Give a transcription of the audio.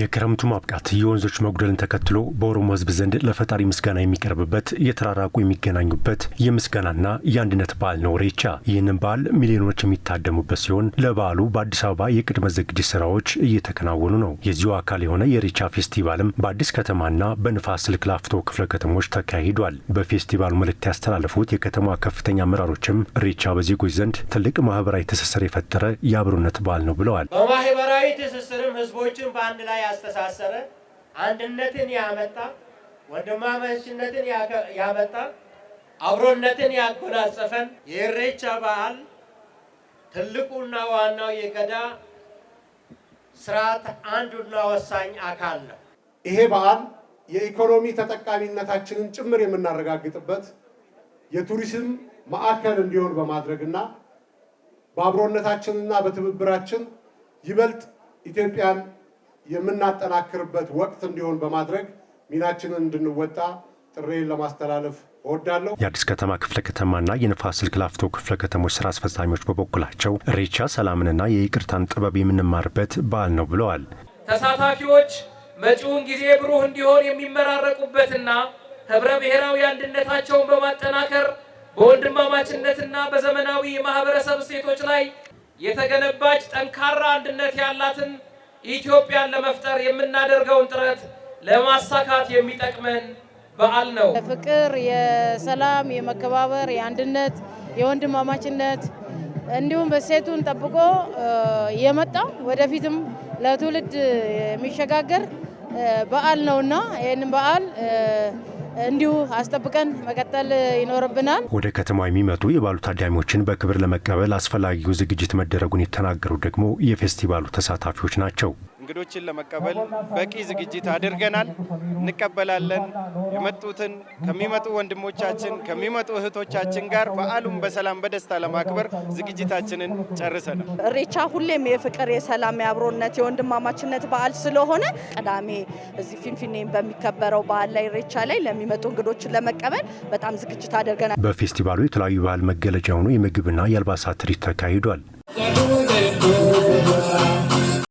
የክረምቱ ማብቃት የወንዞች መጉደልን ተከትሎ በኦሮሞ ሕዝብ ዘንድ ለፈጣሪ ምስጋና የሚቀርብበት የተራራቁ የሚገናኙበት የምስጋናና የአንድነት በዓል ነው ኢሬቻ። ይህንን በዓል ሚሊዮኖች የሚታደሙበት ሲሆን ለበዓሉ በአዲስ አበባ የቅድመ ዝግጅት ስራዎች እየተከናወኑ ነው። የዚሁ አካል የሆነ የኢሬቻ ፌስቲቫልም በአዲስ ከተማና በንፋስ ስልክ ላፍቶ ክፍለ ከተሞች ተካሂዷል። በፌስቲቫሉ መልእክት ያስተላለፉት የከተማ ከፍተኛ አመራሮችም ኢሬቻ በዜጎች ዘንድ ትልቅ ማህበራዊ ትስስር የፈጠረ የአብሮነት በዓል ነው ብለዋል። በማህበራዊ ትስስርም ህዝቦችን በአንድ ላይ ያስተሳሰረ፣ አንድነትን ያመጣ፣ ወንድማማችነትን ያመጣ፣ አብሮነትን ያጎናጸፈን የኢሬቻ በዓል ትልቁና ዋናው የገዳ ስርዓት አንዱና ወሳኝ አካል ነው። ይሄ በዓል የኢኮኖሚ ተጠቃሚነታችንን ጭምር የምናረጋግጥበት የቱሪዝም ማዕከል እንዲሆን በማድረግና በአብሮነታችንና በትብብራችን ይበልጥ ኢትዮጵያን የምናጠናክርበት ወቅት እንዲሆን በማድረግ ሚናችንን እንድንወጣ ጥሬን ለማስተላለፍ እወዳለሁ። የአዲስ ከተማ ክፍለ ከተማና የንፋስ ስልክ ላፍቶ ክፍለ ከተሞች ስራ አስፈጻሚዎች በበኩላቸው ኢሬቻ ሰላምንና የይቅርታን ጥበብ የምንማርበት በዓል ነው ብለዋል። ተሳታፊዎች መጪውን ጊዜ ብሩህ እንዲሆን የሚመራረቁበትና ህብረ ብሔራዊ አንድነታቸውን በማጠናከር በወንድማማችነትና በዘመናዊ የማህበረሰብ እሴቶች ላይ የተገነባች ጠንካራ አንድነት ያላትን ኢትዮጵያን ለመፍጠር የምናደርገውን ጥረት ለማሳካት የሚጠቅመን በዓል ነው። ፍቅር፣ የሰላም፣ የመከባበር፣ የአንድነት፣ የወንድማማችነት እንዲሁም በሴቱን ጠብቆ የመጣ ወደፊትም ለትውልድ የሚሸጋገር በዓል ነውና ይህንን በዓል እንዲሁ አስጠብቀን መቀጠል ይኖርብናል። ወደ ከተማ የሚመጡ የበዓሉ ታዳሚዎችን በክብር ለመቀበል አስፈላጊው ዝግጅት መደረጉን የተናገሩ ደግሞ የፌስቲቫሉ ተሳታፊዎች ናቸው። እንግዶችን ለመቀበል በቂ ዝግጅት አድርገናል። እንቀበላለን። የመጡትን ከሚመጡ ወንድሞቻችን ከሚመጡ እህቶቻችን ጋር በዓሉን በሰላም በደስታ ለማክበር ዝግጅታችንን ጨርሰናል። እሬቻ ሁሌም የፍቅር፣ የሰላም፣ የአብሮነት፣ የወንድማማችነት በዓል ስለሆነ ቅዳሜ እዚህ ፊንፊኔም በሚከበረው በዓል ላይ እሬቻ ላይ ለሚመጡ እንግዶችን ለመቀበል በጣም ዝግጅት አድርገናል። በፌስቲቫሉ የተለያዩ ባህል መገለጫ የሆኑ የምግብና የአልባሳት ትርኢት ተካሂዷል።